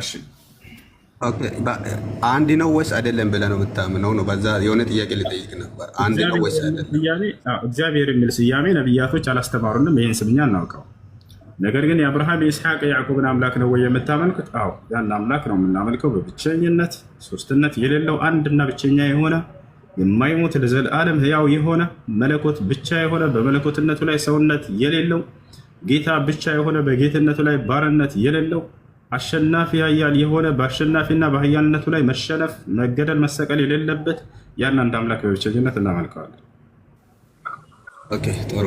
እሺ አንድ ነው ወይስ አይደለም ብለህ ነው የምታምነው? ነው በዛ የሆነ ጥያቄ ልጠይቅ ነበር። አንድ ነው ወይስ አይደለም? እግዚአብሔር የሚል ስያሜ ነብያቶች አላስተማሩንም። ይህን ስምኛ እናውቀው። ነገር ግን የአብርሃም የእስሐቅ የያዕቆብን አምላክ ነው ወይ የምታመልኩት? አዎ ያን አምላክ ነው የምናመልከው በብቸኝነት ሶስትነት የሌለው አንድና ብቸኛ የሆነ የማይሞት አለም ህያው የሆነ መለኮት ብቻ የሆነ በመለኮትነቱ ላይ ሰውነት የሌለው ጌታ ብቻ የሆነ በጌትነቱ ላይ ባርነት የሌለው አሸናፊ ያያል የሆነ በአሸናፊና በሀያልነቱ ላይ መሸነፍ፣ መገደል፣ መሰቀል የሌለበት ያን አንድ አምላክ በብቸኝነት እናመልከዋለን። ኦኬ ጥሩ።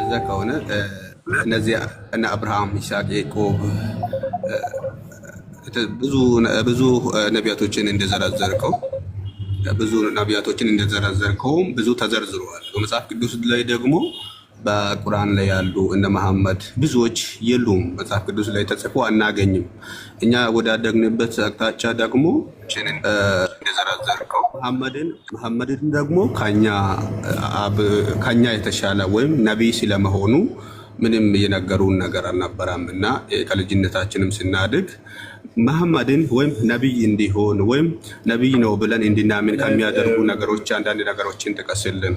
እዛ ከሆነ እነዚህ እነ አብርሃም፣ ይስሐቅ፣ ያዕቆብ ብዙ ነቢያቶችን እንደዘረዘርከው ብዙ ነቢያቶችን እንደዘረዘርከውም ብዙ ተዘርዝረዋል በመጽሐፍ ቅዱስ ላይ ደግሞ በቁርአን ላይ ያሉ እነ መሐመድ ብዙዎች የሉም። መጽሐፍ ቅዱስ ላይ ተጽፎ አናገኝም። እኛ ወዳደግንበት አቅጣጫ ደግሞ እንደዘረዘርከው መሐመድን ደግሞ ከኛ የተሻለ ወይም ነቢይ ስለመሆኑ ምንም የነገሩን ነገር አልነበረም እና ከልጅነታችንም ስናድግ መሐመድን ወይም ነቢይ እንዲሆን ወይም ነቢይ ነው ብለን እንድናምን ከሚያደርጉ ነገሮች አንዳንድ ነገሮችን ጥቀስልን።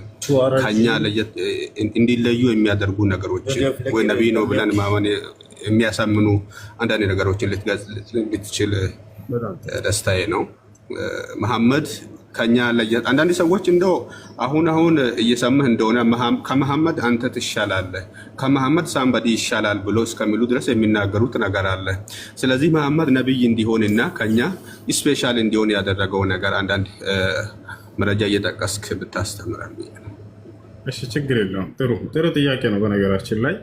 ከኛ እንዲለዩ የሚያደርጉ ነገሮች ወይ ነቢይ ነው ብለን ማመን የሚያሳምኑ አንዳንድ ነገሮችን ልትገልጽ ልትችል ደስታዬ ነው። መሐመድ ከኛ አንዳንድ ሰዎች እንደ አሁን አሁን እየሰምህ እንደሆነ ከመሐመድ አንተ ትሻላለህ፣ ከመሐመድ ሳንበዲ ይሻላል ብሎ እስከሚሉ ድረስ የሚናገሩት ነገር አለ። ስለዚህ መሐመድ ነቢይ እንዲሆንና ከኛ ስፔሻል እንዲሆን ያደረገው ነገር አንዳንድ መረጃ እየጠቀስክ ብታስተምራል። እሺ፣ ችግር የለውም። ጥሩ ጥሩ ጥያቄ ነው በነገራችን ላይ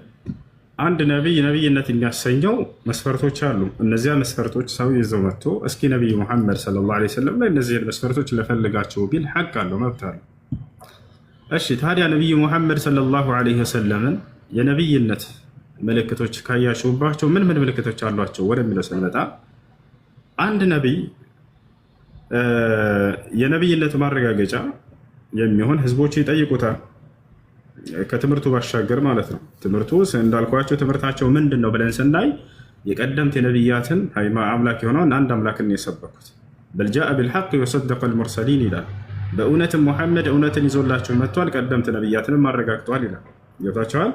አንድ ነቢይ ነቢይነት የሚያሰኘው መስፈርቶች አሉ። እነዚያ መስፈርቶች ሰው ይዘው መጥቶ እስኪ ነቢይ ሙሐመድ ሰለላሁ ዓለይሂ ወሰለም ላይ እነዚህን መስፈርቶች ለፈልጋቸው ቢል ሐቅ አለው፣ መብት አለው። እሺ ታዲያ ነቢይ ሙሐመድ ሰለላሁ ዓለይሂ ወሰለምን የነቢይነት ምልክቶች ካያችሁባቸው ምን ምን ምልክቶች አሏቸው ወደሚለው ስንመጣ አንድ ነቢይ የነቢይነት ማረጋገጫ የሚሆን ህዝቦች ይጠይቁታል። ከትምህርቱ ባሻገር ማለት ነው። ትምህርቱ እንዳልኳቸው ትምህርታቸው ምንድን ነው ብለን ስናይ የቀደምት የነቢያትን አምላክ የሆነውን አንድ አምላክን የሰበኩት በልጃአ ቢልሐቅ ወሰደቀ ልሙርሰሊን ይላል። በእውነትም ሙሐመድ እውነትን ይዞላቸው መጥቷል፣ ቀደምት ነቢያትንም አረጋግጧል ይላል። ገብታቸዋል።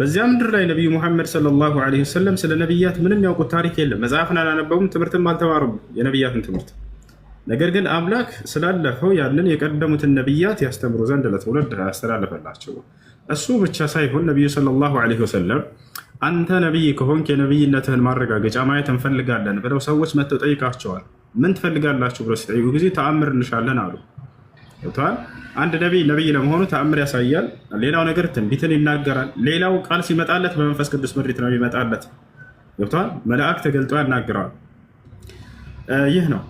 በዚያ ምድር ላይ ነቢዩ ሙሐመድ ሰለላሁ ዐለይሂ ወሰለም ስለ ነቢያት ምንም ያውቁት ታሪክ የለም። መጽሐፍን አላነበቡም፣ ትምህርትም አልተማሩም የነቢያትን ትምህርት ነገር ግን አምላክ ስላለፈው ያንን የቀደሙትን ነቢያት ያስተምሩ ዘንድ ለትውልድ ያስተላለፈላቸው እሱ ብቻ ሳይሆን ነቢዩ ሰለላሁ ዐለይሂ ወሰለም አንተ ነቢይ ከሆንክ የነቢይነትህን ማረጋገጫ ማየት እንፈልጋለን ብለው ሰዎች መጥተው ጠይቃቸዋል። ምን ትፈልጋላችሁ ብለው ሲጠይቁ ጊዜ ተአምር እንሻለን አሉ። አንድ ነቢይ ነቢይ ለመሆኑ ተአምር ያሳያል። ሌላው ነገር ትንቢትን ይናገራል። ሌላው ቃል ሲመጣለት በመንፈስ ቅዱስ ምሪት ነው ይመጣለት። ገብተዋል። መልአክ ተገልጦ ያናግረዋል። ይህ ነው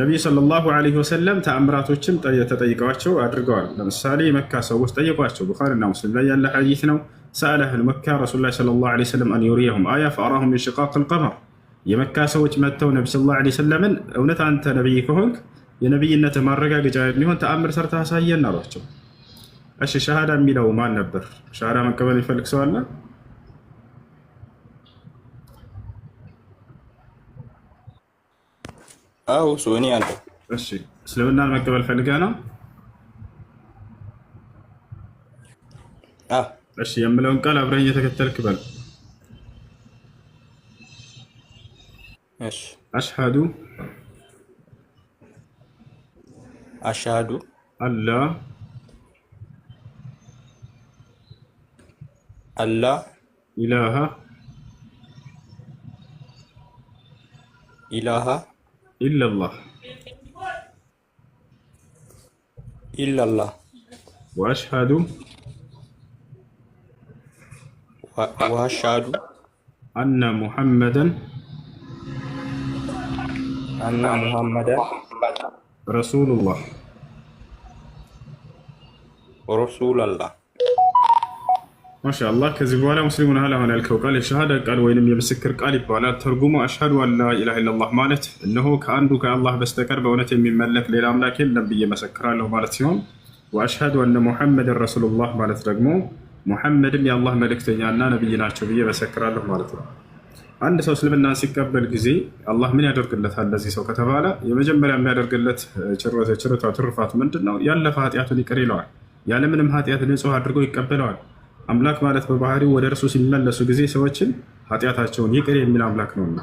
ነቢዩ ሰለላሁ ዓለይሂ ወሰለም ተአምራቶችን ተጠይቀዋቸው አድርገዋል። ለምሳሌ የመካ ሰዎች ጠየቋቸው። ቡኻሪና ሙስሊም ላይ ያለ ሐዲት ነው። ሰአለህል መካ ረሱሉ ላይ ሰለላሁ ዓለይሂ ወሰለም አን ዩሪየሁም አያ ፈአራሁም ሚንሽቃቅል ቀመር። የመካ ሰዎች መጥተው ነቢ ሰለላሁ ዓለይሂ ወሰለምን እውነት አንተ ነቢይ ከሆንክ የነቢይነት ማረጋገጫ የሚሆን ተአምር ሰርተህ አሳየን አሏቸው። እሺ ሻሃዳ የሚለው ማን ነበር? ሸሃዳ መቀበል የሚፈልግ ሰው አለ? او سوني انت رشي سلو لنا نعم، المكتب الفلقي انا اه رشي يم لو انقلع برنيتك التركبل ماشي اشهد اشهد الله الله إله إله إلا الله إلا الله وأشهد وأشهد أن محمدا أن محمدا رسول الله رسول الله ማሻአላህ ከዚህ በኋላ ሙስሊም ሆነሃል። አሁን ያልከው ቃል የሸሃዳ ቃል ወይንም የምስክር ቃል ይባላል። ትርጉሙ አሽሃዱ አን ላ ኢላሃ ኢለላህ ማለት እነሆ ከአንዱ ከአላህ በስተቀር በእውነት የሚመለክ ሌላ አምላክ የለም ብዬ መሰክራለሁ ማለት ሲሆን ወአሽሃዱ አነ ሙሐመድን ረሱሉላህ ማለት ደግሞ ሙሐመድም የአላህ መልእክተኛና ነቢይ ናቸው ብዬ መሰክራለሁ ማለት ነው። አንድ ሰው እስልምና ሲቀበል ጊዜ አላህ ምን ያደርግለታል ለዚህ ሰው ከተባለ የመጀመሪያ የሚያደርግለት ችርታ ትርፋት ምንድን ነው? ያለፈ ኃጢአቱን ይቅር ይለዋል። ያለምንም ኃጢአት ንጹህ አድርገው ይቀበለዋል። አምላክ ማለት በባህሪው ወደ እርሱ ሲመለሱ ጊዜ ሰዎችን ኃጢአታቸውን ይቅር የሚል አምላክ ነውና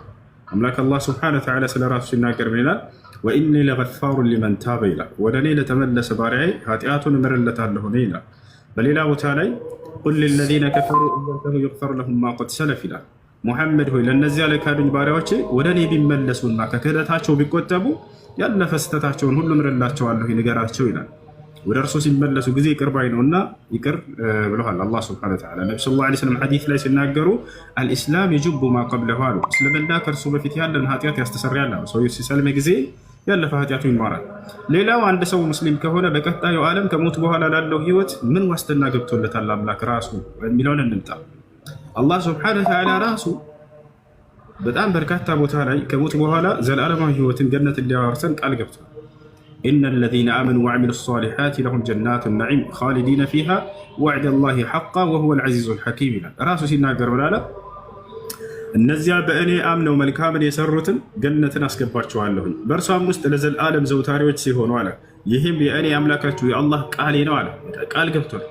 አምላክ አላህ ስብሐነ ወተዓላ ስለ ራሱ ሲናገር ምን ይላል? ወኢኒ ለገፋሩ ሊመን ታበ ይላል። ወደ እኔ ለተመለሰ ባሪያዬ ኃጢአቱን እምርለታለሁ እኔ ይላል። በሌላ ቦታ ላይ ቁል ሊለዚነ ከፈሩ ኢንተሁ ዩግፈር ለሁም ማ ቀድ ሰለፍ ይላል። ሙሐመድ ሆይ ለእነዚያ ለካዱኝ ባሪያዎቼ ወደ እኔ ቢመለሱና ከክህደታቸው ቢቆጠቡ ያለፈ ስህተታቸውን ሁሉ እምርላቸዋለሁ ንገራቸው ይላል። ወደ እርሱ ሲመለሱ ጊዜ ይቅር ባይ ነው እና ይቅር ብለዋል። አላህ ሱብሓነሁ ወተዓላ ነቢ ስ ላ ስለም ሐዲስ ላይ ሲናገሩ አልኢስላም የጅቡ ማቀብለሁ አሉ። እስልምና ከእርሱ በፊት ያለን ኃጢአት ያስተሰርያል አሉ። ሰው ሲሰልም ጊዜ ያለፈ ኃጢአቱ ይማራል። ሌላው አንድ ሰው ሙስሊም ከሆነ በቀጣዩ ዓለም ከሞት በኋላ ላለው ህይወት ምን ዋስትና ገብቶለታል? አምላክ ራሱ የሚለውን እንምጣ። አላህ ሱብሓነሁ ወተዓላ ራሱ በጣም በርካታ ቦታ ላይ ከሞት በኋላ ዘላለማዊ ህይወትን ገነትን ሊያወርሰን ቃል ገብቷል። إن الذين آمنوا وعملوا الصالحات لهم جنات النعيم خالدين فيها وعد الله حقا وهو العزيز الحكيم راسو سيناجر ولا لا النزيع بأني آمن وملك آمن يسرت جنة أسكبر شو عليهم برسو مست لزل آلم زوتاري وتسيهون ولا يهم بأني أملك توي الله قال ولا قال قبتر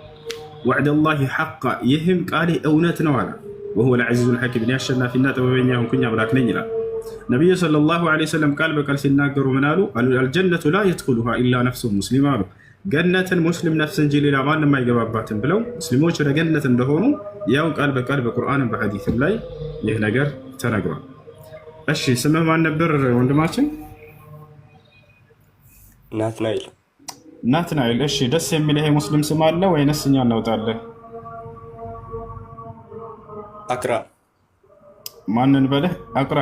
وعد الله حقا يهم قال أونتنا ولا وهو العزيز الحكيم يشنا في النات وبينهم كنيا ولكن نجلا ነቢዩ ሰለላሁ ዐለይሂ ወሰለም ቃል በቃል ሲናገሩ ምን አሉ? አልጀነቱ ላ የድኹሉሃ ኢላ ነፍሱ ሙስሊም አሉ። ገነትን ሙስሊም ነፍስ እንጂ ሌላ ማንም አይገባባትም ብለው ሙስሊሞች ለገነት እንደሆኑ ያው ቃል በቃል በቁርአንም በሐዲስም ላይ ይህ ነገር ተነግሯል። እሺ ስምህ ማን ነበር ወንድማችን? ናትናኤል ናትናኤል። እሺ ደስ የሚል ይሄ ሙስሊም ስም አለ ወይንስ እኛ እናውጣለን? አቅራ ማንን በለህ? አቅራ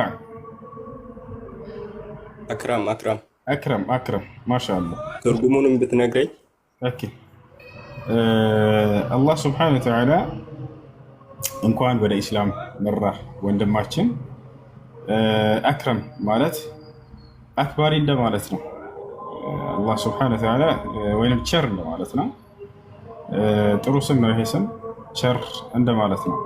አክራም አክራም አክረም አክረም ማሻአላ ትርጉሙንም ብትነግረኝ። ኦኬ አላህ ስብሐነ ወተዓላ እንኳን ወደ ኢስላም መራ ወንድማችን። አክረም ማለት አክባሪ እንደማለት ነው። አላህ ስብሐነ ወተዓላ ወይም ቸር እንደማለት ነው። ጥሩ ስም ነው ይሄ ስም ቸር እንደማለት ነው።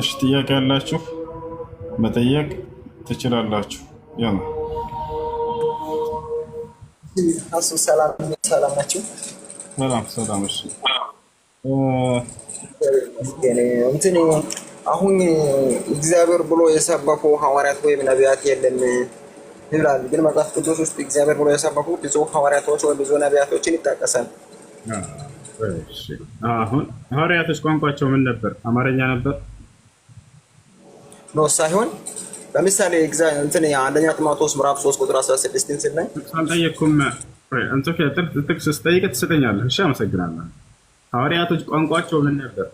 እሺ ጥያቄ ያላችሁ መጠየቅ ትችላላችሁ። ያ ነው። ሰላም ሰላም ሰላም። እሺ አሁን እግዚአብሔር ብሎ የሰበኩ ሐዋርያት ወይም ነቢያት የለም ይብላል። ግን መጽሐፍ ቅዱስ ውስጥ እግዚአብሔር ብሎ የሰበኩ ብዙ ሐዋርያቶች ወይም ብዙ ነቢያቶችን ይጠቀሳል። አሁን ሐዋርያቶች ቋንቋቸው ምን ነበር? አማርኛ ነበር። ነው ሳይሆን ለምሳሌ እንትን አንደኛ ጢሞቴዎስ ምዕራፍ 3 ቁጥር 16 ስናይ አልጠየቅኩም። አንጾኪያ ጥቅስ ስጠይቅ ትሰጠኛለህ። እሺ፣ አመሰግናለሁ። ሐዋርያቶች ቋንቋቸው ምን ነበር?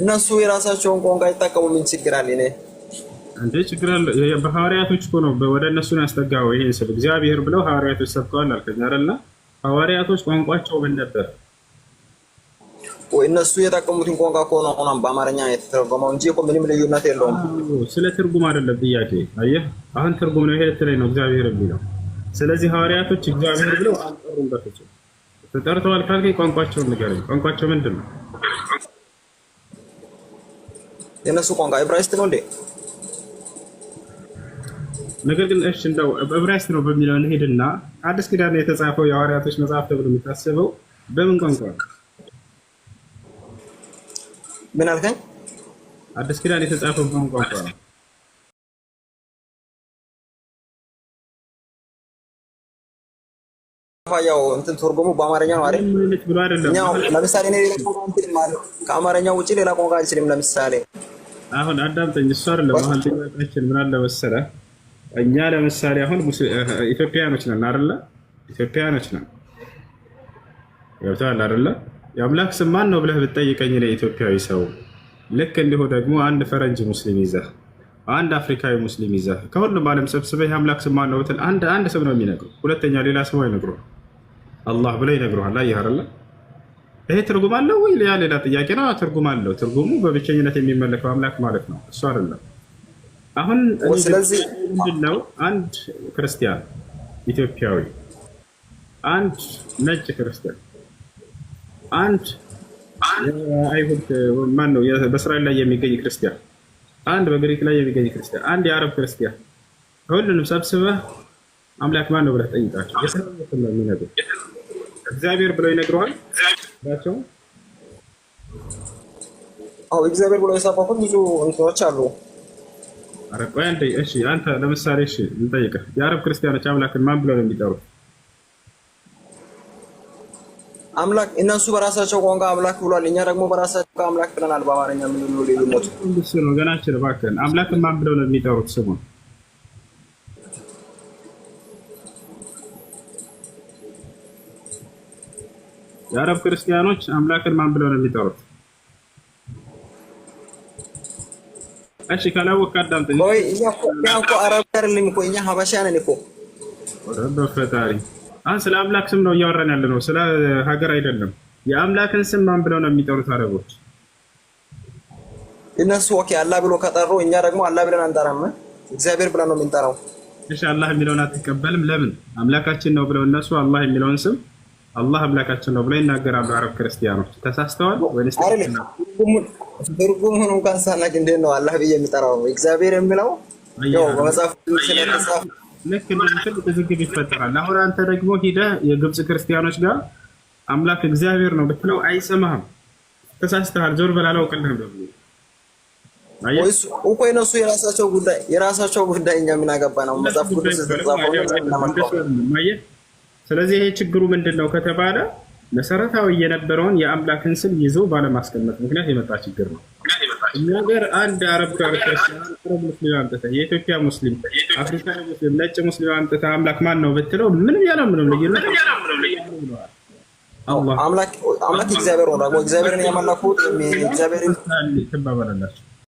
እነሱ የራሳቸውን ቋንቋ ይጠቀሙ። ምን ችግር አለ? እኔ እንዴ ችግር አለ? በሐዋርያቶች እኮ ነው ወደ እነሱ ነው ያስጠጋው። ይሄን ስለ እግዚአብሔር ብለው ሐዋርያቶች ሰብከዋል አልከኝ አይደለ? ሐዋርያቶች ቋንቋቸው ምን ነበር? እነሱ የጠቀሙትን ቋንቋ ከሆነ ነው አሁን በአማርኛ የተተረጎመው እንጂ እኮ ምንም ልዩነት የለውም። ስለ ትርጉም አይደለም ጥያቄ። አየህ አሁን ትርጉም ነው ይሄ የተለይ ነው እግዚአብሔር የሚለው። ስለዚህ ሐዋርያቶች እግዚአብሔር ብለው አልጠሩም። በፍጹም ተጠርተዋል ካልከኝ ቋንቋቸውን ንገረኝ። ቋንቋቸው ምንድን ነው? የእነሱ ቋንቋ ዕብራይስጥ ነው እንዴ? ነገር ግን እሺ እንደው ዕብራይስጥ ነው በሚለው እንሄድና አዲስ ኪዳን የተጻፈው የሐዋርያቶች መጽሐፍ ተብሎ የሚታሰበው በምን ቋንቋ ነው? ምን አልከኝ? አዲስ ኪዳን የተጻፈው ቋንቋ ነው። ያው እንትን ተርጎሙ በአማርኛ ነው አይደል? ለምሳሌ እኔ ሌላ ቋንቋ አልችልም ከአማርኛ ውጪ ሌላ ቋንቋ አልችልም። ለምሳሌ አሁን አዳምጠኝ። እሱ አይደለም አሁን ጥያቄያችን ምን አለ መሰለህ፣ እኛ ለምሳሌ አሁን ኢትዮጵያኖች ነን አይደለ? ኢትዮጵያኖች ነን ገብተዋል አይደለ? የአምላክ ስም ማን ነው ብለህ ብትጠይቀኝ እኔ ኢትዮጵያዊ ሰው ልክ እንዲሁ ደግሞ አንድ ፈረንጅ ሙስሊም ይዘህ አንድ አፍሪካዊ ሙስሊም ይዘህ ከሁሉም ዓለም ሰብስበህ የአምላክ ስም ማን ነው ብትል አንድ አንድ ስም ነው የሚነግሩ፣ ሁለተኛ ሌላ ስም አይነግሩ። አላህ ብለው ይነግሩሃል። አየህ፣ ይሄ ትርጉም አለው ወይ? ያ ሌላ ጥያቄ ነው። ትርጉም አለው። ትርጉሙ በብቸኝነት የሚመለከው አምላክ ማለት ነው። እሱ አይደለም። አሁን ምንድነው? አንድ ክርስቲያን ኢትዮጵያዊ፣ አንድ ነጭ ክርስቲያን አንድ አይሁድ ማን ነው? በእስራኤል ላይ የሚገኝ ክርስቲያን፣ አንድ በግሪክ ላይ የሚገኝ ክርስቲያን፣ አንድ የአረብ ክርስቲያን፣ ሁሉንም ሰብስበህ አምላክ ማን ነው ብለህ ጠይቃቸው። የሰራዊትን ነው የሚነግሩህ። እግዚአብሔር ብለው ይነግረዋል ቸው እግዚአብሔር ብሎ የሰበኩት ብዙ እንትኖች አሉ። አንተ ለምሳሌ እሺ፣ እንጠይቅህ የአረብ ክርስቲያኖች አምላክን ማን ብለው ነው የሚጠሩት? አምላክ እነሱ በራሳቸው ቋንቋ አምላክ ብሏል። እኛ ደግሞ በራሳቸው አምላክ ብለናል። በአማርኛ ምን ልዩነቱ? እሱ ነው ገናችን። እባክህን አምላክ ማን ብለው ነው የሚጠሩት? ስሙን የአረብ ክርስቲያኖች አምላክን ማን ብለው ነው የሚጠሩት? እሺ ካላወቅ አዳምጠኝ። እኛ እኮ አረብ አይደለም እኮ እኛ ሀበሻ ነን እኮ። በፈጣሪ አሁን ስለ አምላክ ስም ነው እያወራን ያለ ነው፣ ስለ ሀገር አይደለም። የአምላክን ስም ማን ብለው ነው የሚጠሩት አረቦች? እነሱ ኦኬ አላህ ብሎ ከጠሩ፣ እኛ ደግሞ አላህ ብለን አንጠራም፣ እግዚአብሔር ብለን ነው የምንጠራው። እሺ አላህ የሚለውን አትቀበልም? ለምን? አምላካችን ነው ብለው እነሱ አላህ የሚለውን ስም አላህ አምላካችን ነው ብለው ይናገራሉ። አረብ ክርስቲያኖች ተሳስተዋል ወይስ? ትርጉሙን እንኳን ሳናቅ እንዴት ነው አላህ ብዬ የሚጠራው? እግዚአብሔር የሚለው በመጽሐፍ ልክ ይፈጠራል። አሁን አንተ ደግሞ ሂደህ የግብፅ ክርስቲያኖች ጋር አምላክ እግዚአብሔር ነው ብትለው አይሰማህም። ተሳስተሃል፣ ዞር በል፣ አላውቅልህም እኮ የነሱ የራሳቸው ጉዳይ የራሳቸው ጉዳይ፣ እኛ ምን ነው መጽሐፍ ቅዱስ ስለዚህ ይሄ ችግሩ ምንድን ነው ከተባለ መሰረታዊ የነበረውን የአምላክን ስም ይዞ ባለማስቀመጥ ምክንያት የመጣ ችግር ነው። ነገር አንድ አረብ ክርስቲያን ሙስሊም የኢትዮጵያ ሙስሊም አፍሪካ ሙስሊም ነጭ ሙስሊም አምጥተህ አምላክ ማን ነው ብትለው ምንም ያለ ምንም ልዩነት አምላክ እግዚአብሔር ነው። ደግሞ እግዚአብሔርን ያመለኩት እግዚአብሔርን ትባባላላችሁ